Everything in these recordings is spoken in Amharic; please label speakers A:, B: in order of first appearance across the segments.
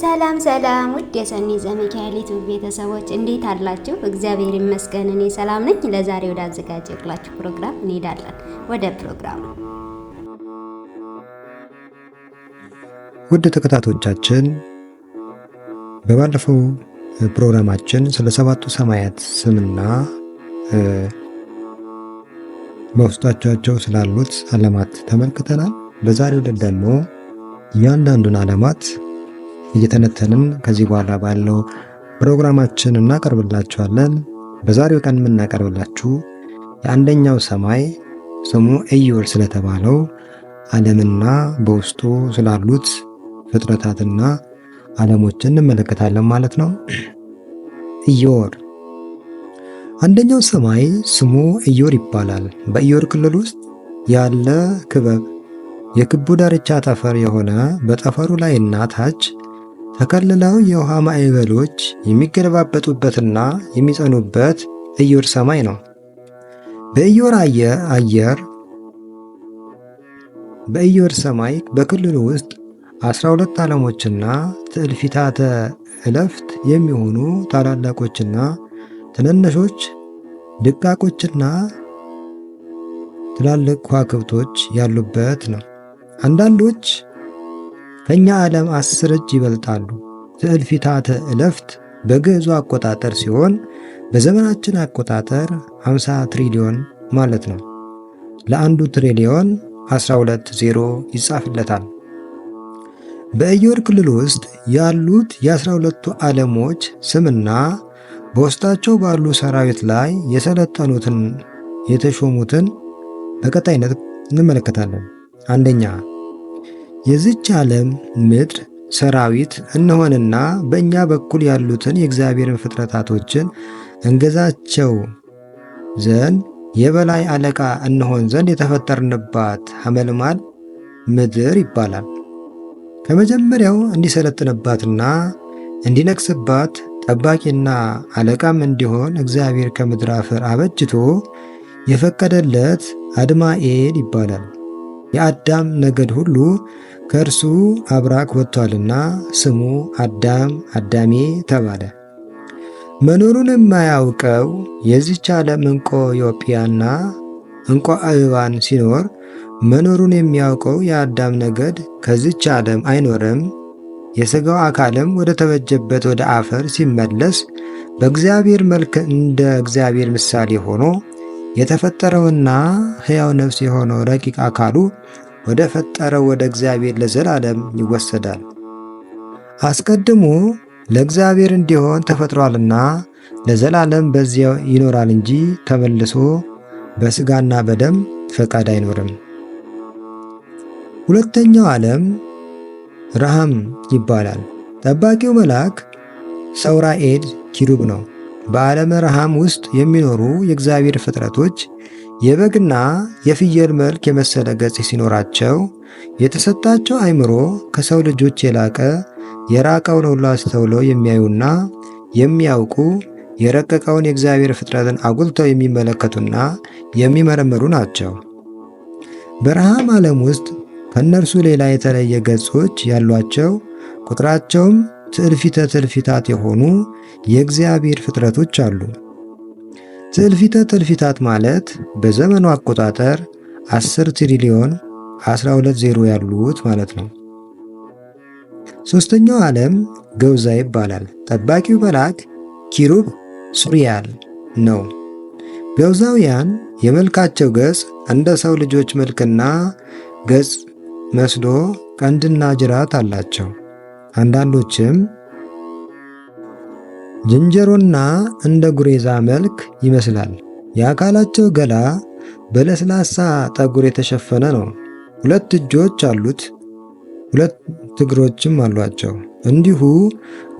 A: ሰላም ሰላም ውድ የሰኒ ዘሚካኤል ቤተሰቦች እንዴት አላችሁ? እግዚአብሔር ይመስገን እኔ ሰላም ነኝ። ለዛሬ ወደ አዘጋጀሁላችሁ ፕሮግራም እንሄዳለን። ወደ ፕሮግራሙ
B: ውድ ተከታቶቻችን በባለፈው ፕሮግራማችን ስለ ሰባቱ ሰማያት ስምና በውስጣቸው ስላሉት አለማት ተመልክተናል። በዛሬው ደግሞ እያንዳንዱን አለማት እየተነተንን ከዚህ በኋላ ባለው ፕሮግራማችን እናቀርብላችኋለን። በዛሬው ቀን የምናቀርብላችሁ የአንደኛው ሰማይ ስሙ ኢዮር ስለተባለው ዓለምና በውስጡ ስላሉት ፍጥረታትና ዓለሞችን እንመለከታለን ማለት ነው። ኢዮር አንደኛው ሰማይ ስሙ ኢዮር ይባላል። በኢዮር ክልል ውስጥ ያለ ክበብ የክቡ ዳርቻ ጠፈር የሆነ በጠፈሩ ላይና ታች ተከልለው የውሃ ማዕበሎች የሚገለባበጡበትና የሚጸኑበት ኢዮር ሰማይ ነው። በኢዮር አየር በኢዮር ሰማይ በክልሉ ውስጥ 12 ዓለሞችና ትዕልፊታተ ዕለፍት የሚሆኑ ታላላቆችና ትንንሾች ድቃቆችና ትላልቅ ከዋክብቶች ያሉበት ነው። አንዳንዶች ከእኛ ዓለም አስር እጅ ይበልጣሉ። ትዕልፊታተ እለፍት በግዕዙ አቆጣጠር ሲሆን በዘመናችን አቆጣጠር 50 ትሪሊዮን ማለት ነው። ለአንዱ ትሪሊዮን 12 ዜሮ ይጻፍለታል። በኢዮር ክልል ውስጥ ያሉት የ12ቱ ዓለሞች ስምና በውስጣቸው ባሉ ሰራዊት ላይ የሰለጠኑትን የተሾሙትን በቀጣይነት እንመለከታለን። አንደኛ የዝች ዓለም ምድር ሰራዊት እንሆንና በእኛ በኩል ያሉትን የእግዚአብሔርን ፍጥረታቶችን እንገዛቸው ዘንድ የበላይ አለቃ እንሆን ዘንድ የተፈጠርንባት ሐመልማል ምድር ይባላል። ከመጀመሪያው እንዲሰለጥንባትና እንዲነግስባት ጠባቂና አለቃም እንዲሆን እግዚአብሔር ከምድር አፈር አበጅቶ የፈቀደለት አድማኤል ይባላል። የአዳም ነገድ ሁሉ ከእርሱ አብራክ ወጥቷልና ስሙ አዳም አዳሜ ተባለ። መኖሩን የማያውቀው የዚች ዓለም እንቆ ኢዮጵያና እንቆ አበባን ሲኖር መኖሩን የሚያውቀው የአዳም ነገድ ከዚች ዓለም አይኖርም። የሥጋው አካልም ወደ ተበጀበት ወደ አፈር ሲመለስ በእግዚአብሔር መልክ እንደ እግዚአብሔር ምሳሌ ሆኖ የተፈጠረውና ሕያው ነፍስ የሆነው ረቂቅ አካሉ ወደ ፈጠረው ወደ እግዚአብሔር ለዘላለም ይወሰዳል። አስቀድሞ ለእግዚአብሔር እንዲሆን ተፈጥሯልና ለዘላለም በዚያው ይኖራል እንጂ ተመልሶ በሥጋና በደም ፈቃድ አይኖርም። ሁለተኛው ዓለም ረሃም ይባላል። ጠባቂው መልአክ ሰውራኤድ ኪሩብ ነው። በዓለም ረሃም ውስጥ የሚኖሩ የእግዚአብሔር ፍጥረቶች የበግና የፍየል መልክ የመሰለ ገጽ ሲኖራቸው የተሰጣቸው አይምሮ ከሰው ልጆች የላቀ የራቀውን ሁሉ አስተውለው የሚያዩና የሚያውቁ የረቀቀውን የእግዚአብሔር ፍጥረትን አጉልተው የሚመለከቱና የሚመረምሩ ናቸው። በረሃም ዓለም ውስጥ ከእነርሱ ሌላ የተለየ ገጾች ያሏቸው ቁጥራቸውም ትዕልፊተ ትዕልፊታት የሆኑ የእግዚአብሔር ፍጥረቶች አሉ። ትዕልፊተ ትዕልፊታት ማለት በዘመኑ አቆጣጠር 10 ትሪሊዮን 12 ዜሮ ያሉት ማለት ነው። ሶስተኛው ዓለም ገውዛ ይባላል። ጠባቂው መልአክ ኪሩብ ሱሪያል ነው። ገውዛውያን የመልካቸው ገጽ እንደ ሰው ልጆች መልክና ገጽ መስሎ ቀንድና ጅራት አላቸው። አንዳንዶችም ዝንጀሮና እንደ ጉሬዛ መልክ ይመስላል። የአካላቸው ገላ በለስላሳ ጠጉር የተሸፈነ ነው። ሁለት እጆች አሉት፣ ሁለት እግሮችም አሏቸው። እንዲሁ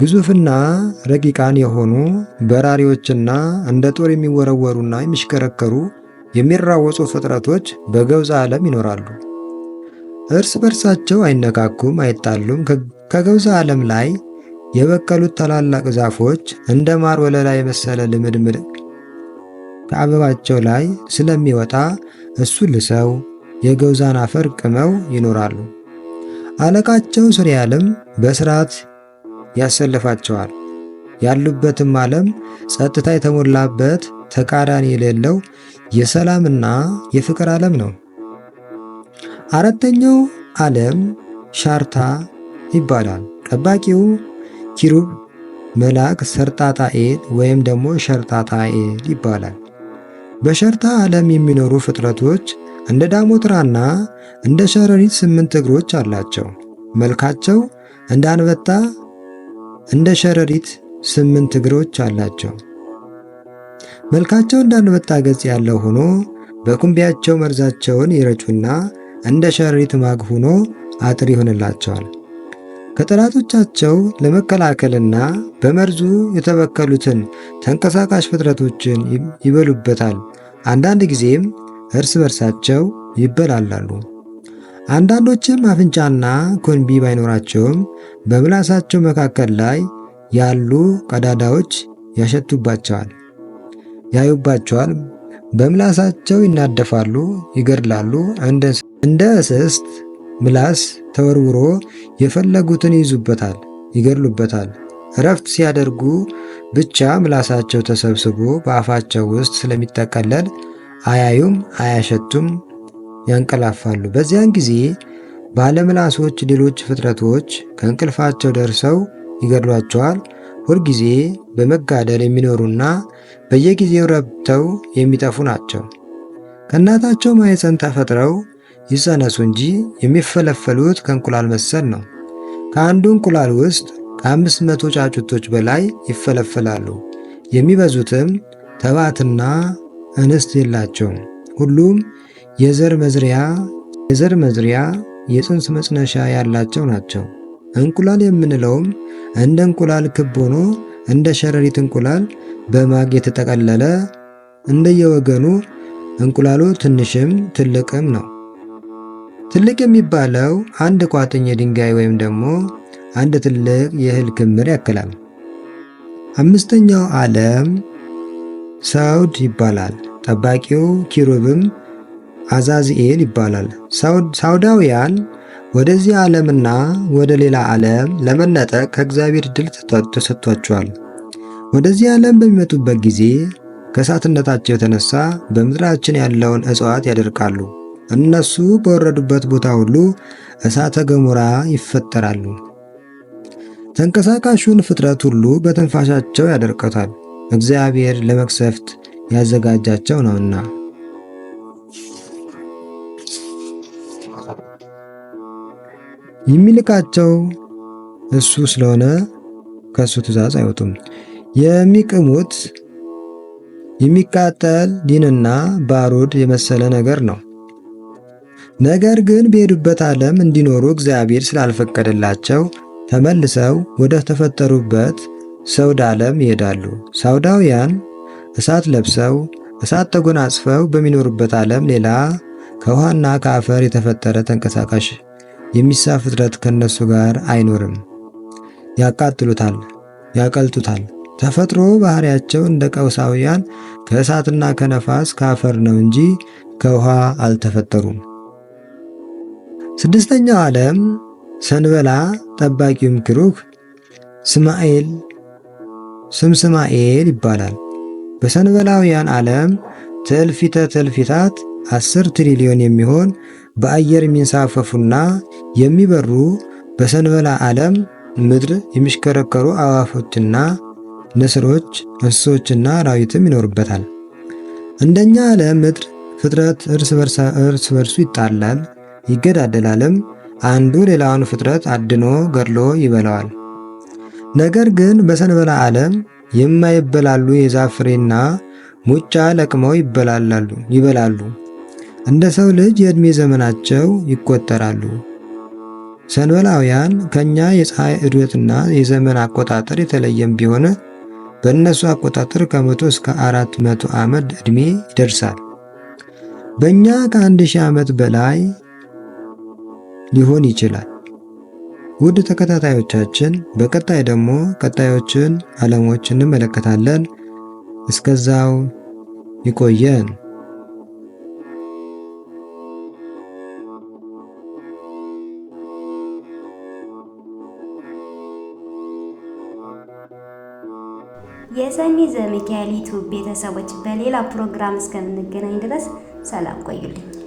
B: ግዙፍና ረቂቃን የሆኑ በራሪዎችና እንደ ጦር የሚወረወሩና የሚሽከረከሩ የሚራወጹ ፍጥረቶች በገውፅ ዓለም ይኖራሉ። እርስ በርሳቸው አይነካኩም፣ አይጣሉም። ከገውፅ ዓለም ላይ የበቀሉት ታላላቅ ዛፎች እንደ ማር ወለላ የመሰለ ልምድምድ ከአበባቸው ላይ ስለሚወጣ እሱ ልሰው የገውዛን አፈር ቅመው ይኖራሉ። አለቃቸው ስርያልም በስርዓት ያሰልፋቸዋል። ያሉበትም ዓለም ጸጥታ የተሞላበት ተቃራኒ የሌለው የሰላምና የፍቅር ዓለም ነው። አራተኛው ዓለም ሻርታ ይባላል። ጠባቂው ኪሩብ መልአክ ሰርጣጣ ኤል ወይም ደግሞ ሸርጣጣ ኤል ይባላል። በሸርታ ዓለም የሚኖሩ ፍጥረቶች እንደ ዳሞጥራና እንደ ሸረሪት ስምንት እግሮች አላቸው። መልካቸው እንደ አንበጣ እንደ ሸረሪት ስምንት እግሮች አላቸው። መልካቸው እንደ አንበጣ ገጽ ያለው ሆኖ በኩምቢያቸው መርዛቸውን ይረጩና እንደ ሸረሪት ማግ ሆኖ አጥር ይሆንላቸዋል። ከጠላቶቻቸው ለመከላከልና በመርዙ የተበከሉትን ተንቀሳቃሽ ፍጥረቶችን ይበሉበታል። አንዳንድ ጊዜም እርስ በርሳቸው ይበላላሉ። አንዳንዶችም አፍንጫና ኮንቢ ባይኖራቸውም በምላሳቸው መካከል ላይ ያሉ ቀዳዳዎች ያሸቱባቸዋል፣ ያዩባቸዋል። በምላሳቸው ይናደፋሉ፣ ይገድላሉ እንደ እንደ እስስት ምላስ ተወርውሮ የፈለጉትን ይዙበታል። ይገድሉበታል። እረፍት ሲያደርጉ ብቻ ምላሳቸው ተሰብስቦ በአፋቸው ውስጥ ስለሚጠቀለል አያዩም፣ አያሸቱም፣ ያንቀላፋሉ። በዚያን ጊዜ ባለምላሶች ሌሎች ፍጥረቶች ከእንቅልፋቸው ደርሰው ይገድሏቸዋል። ሁልጊዜ በመጋደል የሚኖሩና በየጊዜው ረብተው የሚጠፉ ናቸው። ከእናታቸው ማኅፀን ተፈጥረው ይጸነሱ እንጂ የሚፈለፈሉት ከእንቁላል መሰል ነው። ከአንዱ እንቁላል ውስጥ ከአምስት መቶ ጫጩቶች በላይ ይፈለፈላሉ። የሚበዙትም ተባትና እንስት የላቸውም። ሁሉም የዘር መዝሪያ የዘር መዝሪያ የፅንስ መጽነሻ ያላቸው ናቸው። እንቁላል የምንለውም እንደ እንቁላል ክብ ሆኖ እንደ ሸረሪት እንቁላል በማግ የተጠቀለለ እንደየወገኑ እንቁላሉ ትንሽም ትልቅም ነው። ትልቅ የሚባለው አንድ ቋጥኝ የድንጋይ ወይም ደግሞ አንድ ትልቅ የእህል ክምር ያክላል። አምስተኛው ዓለም ሳውድ ይባላል። ጠባቂው ኪሩብም አዛዝኤል ይባላል። ሳውዳውያን ወደዚህ ዓለምና ወደ ሌላ ዓለም ለመነጠቅ ከእግዚአብሔር ድል ተሰጥቷቸዋል። ወደዚህ ዓለም በሚመጡበት ጊዜ ከእሳትነታቸው የተነሳ በምድራችን ያለውን እጽዋት ያደርቃሉ። እነሱ በወረዱበት ቦታ ሁሉ እሳተ ገሞራ ይፈጠራሉ። ተንቀሳቃሹን ፍጥረት ሁሉ በትንፋሻቸው ያደርቀታል፣ እግዚአብሔር ለመቅሰፍት ያዘጋጃቸው ነውና። የሚልካቸው እሱ ስለሆነ ከእሱ ትእዛዝ አይወጡም። የሚቅሙት የሚቃጠል ዲንና ባሩድ የመሰለ ነገር ነው። ነገር ግን በሄዱበት ዓለም እንዲኖሩ እግዚአብሔር ስላልፈቀደላቸው ተመልሰው ወደ ተፈጠሩበት ሰውድ ዓለም ይሄዳሉ። ሳውዳውያን እሳት ለብሰው እሳት ተጎናጽፈው በሚኖሩበት ዓለም ሌላ ከውሃና ከአፈር የተፈጠረ ተንቀሳቃሽ የሚሳ ፍጥረት ከእነሱ ጋር አይኖርም። ያቃጥሉታል፣ ያቀልጡታል። ተፈጥሮ ባህሪያቸው እንደ ቀውሳውያን ከእሳትና ከነፋስ ከአፈር ነው እንጂ ከውሃ አልተፈጠሩም። ስድስተኛው ዓለም ሰንበላ ጠባቂውም ክሩክ ስማኤል ስም ስማኤል ይባላል። በሰንበላውያን ዓለም ትዕልፊተ ትዕልፊታት አስር ትሪሊዮን የሚሆን በአየር የሚንሳፈፉና የሚበሩ በሰንበላ ዓለም ምድር የሚሽከረከሩ አዋፎችና ንስሮች፣ እንስሶችና አራዊትም ይኖሩበታል። እንደኛ ዓለም ምድር ፍጥረት እርስ በርሱ ይጣላል። ይገዳደላልም፣ አንዱ ሌላውን ፍጥረት አድኖ ገድሎ ይበላዋል። ነገር ግን በሰንበላ ዓለም የማይበላሉ የዛፍ ፍሬና ሙጫ ለቅመው ይበላላሉ ይበላሉ እንደ ሰው ልጅ የዕድሜ ዘመናቸው ይቆጠራሉ። ሰንበላውያን ከእኛ የፀሐይ እድወትና የዘመን አቆጣጠር የተለየም ቢሆን በእነሱ አቆጣጠር ከመቶ እስከ አራት መቶ ዓመት ዕድሜ ይደርሳል። በእኛ ከአንድ ሺህ ዓመት በላይ ሊሆን ይችላል። ውድ ተከታታዮቻችን በቀጣይ ደግሞ ቀጣዮችን ዓለሞች እንመለከታለን። እስከዛው ይቆየን።
A: የሰኒ ዘሚካኤል ዩቱብ ቤተሰቦች በሌላ ፕሮግራም እስከምንገናኝ ድረስ ሰላም ቆዩልኝ።